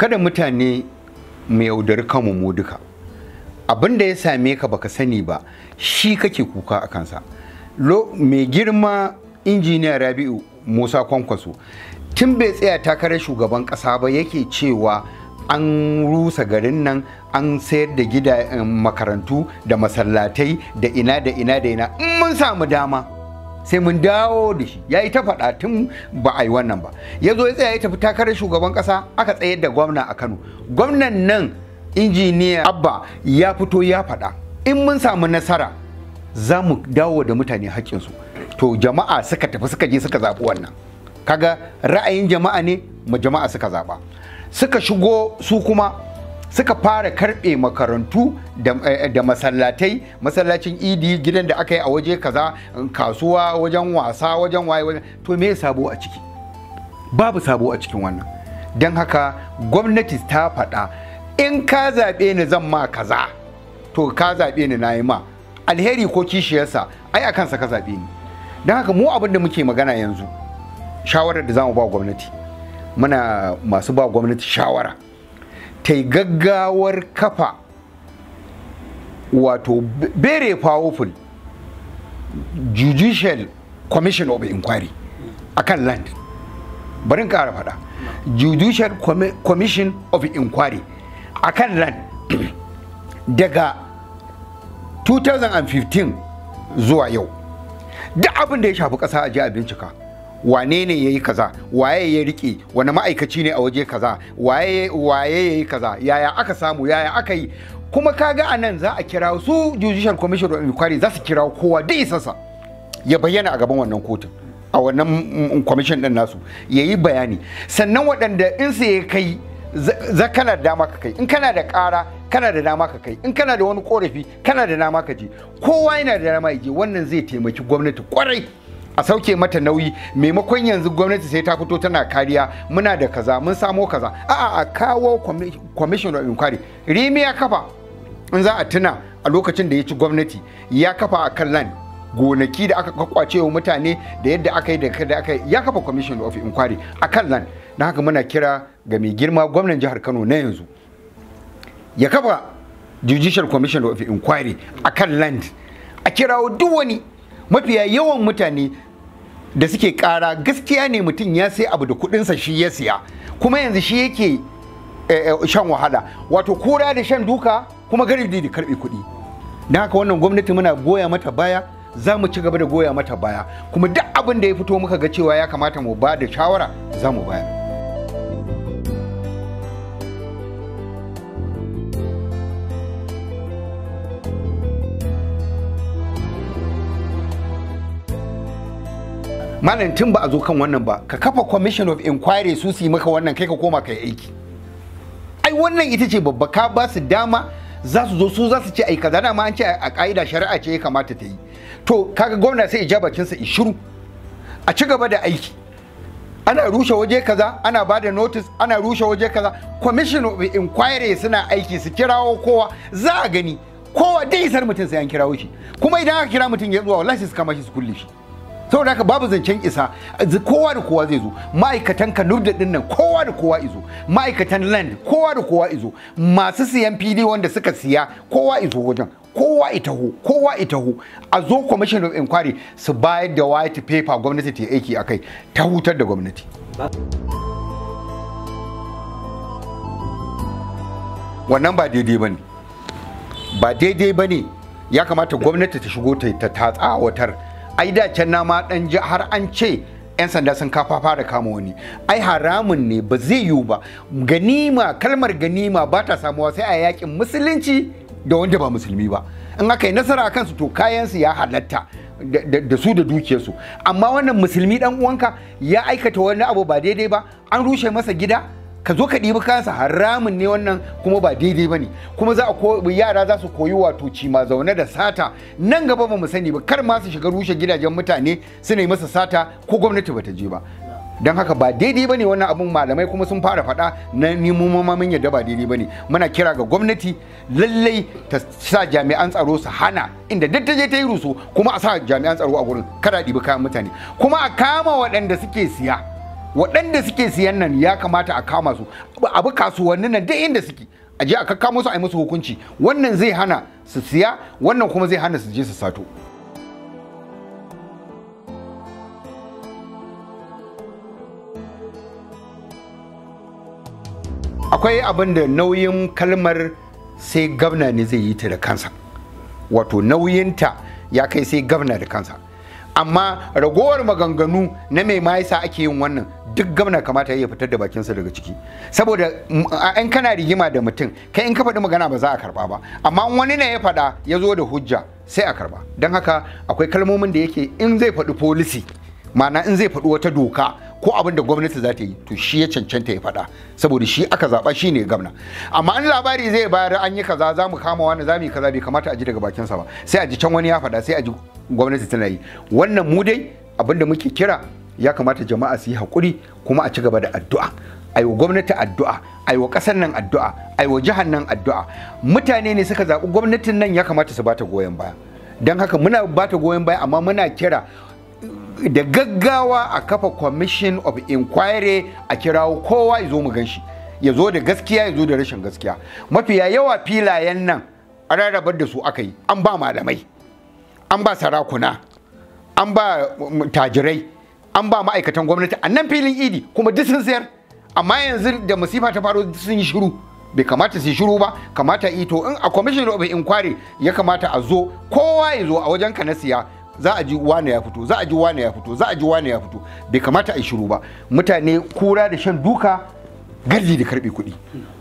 kada mutane mu yaudari kanmu mu duka abin da ya same ka baka sani ba shi kake kuka a kansa mai girma injiniya rabi'u musa kwankwaso tun bai tsaya takarar shugaban kasa ba yake cewa an rusa garin nan an sayar da gida eh, makarantu da masallatai da ina da ina da ina in mun samu dama sai mun dawo da shi ya yi ta faɗa tun ba a yi wannan ba ya zo ya tsaya ya tafi takarar shugaban ƙasa aka tsayar da gwamna a kano gwamnan nan injiniya abba ya fito ya faɗa in mun samu nasara za mu dawo da mutane haƙƙinsu to jama'a suka tafi suka je suka zaɓi wannan kaga ra'ayin jama'a ne ma jama'a suka zaɓa suka shigo su kuma suka fara karɓe makarantu eh, da masallatai masallacin idi gidan da aka yi a waje kaza kasuwa wajen wasa wajen waye wajen to me sabo a ciki babu sabo a cikin wannan don haka gwamnati ta faɗa in ka zaɓe ni zan ma kaza to ka zaɓe ni nayi ma alheri ko kishiyarsa ai a kansa ka zaɓe ni don haka mu abin da muke magana yanzu shawarar da zamu ba gwamnati muna masu ba gwamnati shawara ta yi gaggawar kafa wato bere powerful judicial commission of inquiry a kan land barin kara fada judicial commission of inquiry a kan land daga 2015 zuwa yau duk abin da ya shafi kasa a ji a bincika wane ne ya yi kaza waye ya riƙe? wani ma'aikaci ne a waje kaza waye yayi ya yi kaza yaya aka samu yaya aka yi kuma kaga a nan za a kira su judicial commission of inquiry za su kira kowa da isasa ya bayyana a gaban wannan kotun a wannan kwamishin mm, mm, din nasu ya yi bayani sannan waɗanda in su ya kai za kana da dama ka kai in kana da ƙara kana da dama ka kai in kana da wani korafi kana da dama ka je kowa yana da dama ya je wannan zai taimaki gwamnati kwarai a sauke mata nauyi maimakon yanzu gwamnati sai ta fito tana kariya muna da kaza mun samo kaza a a kawo commission of inquiry rimi ya kafa in za a tuna a lokacin da ya ci gwamnati ya kafa a kan land gonaki da aka kwace wa mutane da yadda aka yi da aka yi ya kafa commission of inquiry a kan land na haka muna kira ga mai girma gwamnan jihar kano na yanzu ya kafa judicial commission of inquiry a kan land a kirawo duk wani mafiya yawan mutane da suke kara gaskiya ne mutum ya sai abu da kudinsa shi ya siya kuma yanzu shi yake eh, eh, shan wahala wato kura da shan duka kuma garibi da karbe kuɗi don haka wannan gwamnati muna goya mata baya za mu ci gaba da goya mata baya kuma duk abin da ya fito muka ga cewa ya kamata mu ba da shawara za mu bayar malam tun ba a zo kan wannan ba ka kafa commission of inquiry su su yi maka wannan kai ka koma ka yi aiki ai wannan ita ce babba ka ba su dama za su zo su za su ce ai kaza ma an ce a ka'ida shari'a ce ya kamata ta yi to kaga gwamna sai ja kin sa shiru a ci gaba da aiki ana rushe waje kaza ana ba da notice ana rushe waje kaza commission of inquiry suna aiki su kirawo kowa za a gani kowa dai isar mutum sai an kirawo shi kuma idan aka kira mutum ya zuwa wallahi su kama shi su kulle shi saboda haka babu zancen isa kowa da kowa zai zo ma'aikatan kanurda din nan kowa da kowa izo ma'aikatan land kowa da kowa izo masu siyan fili wanda suka siya kowa izo wajen kowa itaho kowa itaho a zo commission of inquiry su bayar da white paper gwamnati ta aiki akai ta hutar da gwamnati wannan ba daidai bane ba daidai bane ya kamata gwamnati ta shigo ta tatsa watar ai da can nama ma dan ji har an ce 'yan sanda sun kafa fara kama wani ai haramun ne ba zai yiwu ba ganima kalmar ganima ba ta samuwa sai a yakin musulunci da wanda ba musulmi ba in aka yi nasara a kansu to kayansu ya halatta da su da dukiyarsu amma wannan musulmi dan uwanka ya aikata wani abu ba daidai ba an rushe masa gida ka zo ka ɗibi kansa haramun ne wannan kuma ba daidai ba ne kuma za a yara za su koyi wato cima zaune da sata nan gaba ba mu sani ba kar ma su shiga rushe gidajen mutane suna yi masa sata ko gwamnati ba ta je ba don haka ba daidai ba ne wannan abin malamai kuma sun fara faɗa na ma mamin yadda ba daidai ba ne muna kira ga gwamnati lallai ta sa jami'an tsaro su hana inda duk ta je ta yi rusu kuma a sa jami'an tsaro a gurin kada ɗibi kayan mutane kuma a kama waɗanda suke siya waɗanda suke siyan nan ya kamata a kama su abu kasuwannin nan duk inda suke a je a kakka musu a yi musu hukunci wannan zai hana su siya wannan kuma zai hana su je su sato akwai abin da nauyin kalmar sai gabna ne zai yi ta da kansa wato nauyinta ya kai sai gabna da kansa amma ragowar maganganu na mai ma yasa ake yin wannan duk gamna kamata ya fitar da bakinsa daga ciki saboda mm, in kana rigima da mutum kai in ka faɗi magana ba za a karba ba amma wani ne ya faɗa ya zo da hujja sai a karba don haka akwai kalmomin da yake in zai faɗi policy ma'ana in zai faɗi wata doka ko abin da gwamnati za ta yi to shi ya cancanta ya faɗa saboda shi aka zaɓa shi ne gamna. amma in labari zai bayar an yi kaza za mu kama wani za mu yi kaza bai kamata a ji daga bakinsa ba sai a ji can wani ya faɗa sai a ji gwamnati tana yi wannan mu dai abin da muke kira ya kamata jama'a su yi haƙuri kuma a ci gaba da addu'a a wa gwamnati addu'a a wa ƙasar nan addu'a a wa jihar nan addu'a mutane ne suka zaɓi gwamnatin nan ya kamata su bata goyon baya don haka muna bata goyon baya amma muna kira da gaggawa a kafa commission of inquiry a kirawo kowa ya zo mu gan shi ya zo da gaskiya ya zo da rashin gaskiya mafiya yawa filayen nan a rarrabar da su aka yi an ba malamai an ba sarakuna an ba mm, tajirai an ba ma'aikatan gwamnati a nan filin idi kuma duk sun sayar amma yanzu da masifa ta faru sun yi shiru bai kamata su yi shiru ba kamata ito in a commission of inquiry ya kamata a zo kowa ya zo a wajen ka na siya za a ji wane ya fito za a ji wane ya fito za a ji wane ya fito bai kamata a yi shiru ba mutane kura da shan duka garji da karbi kuɗi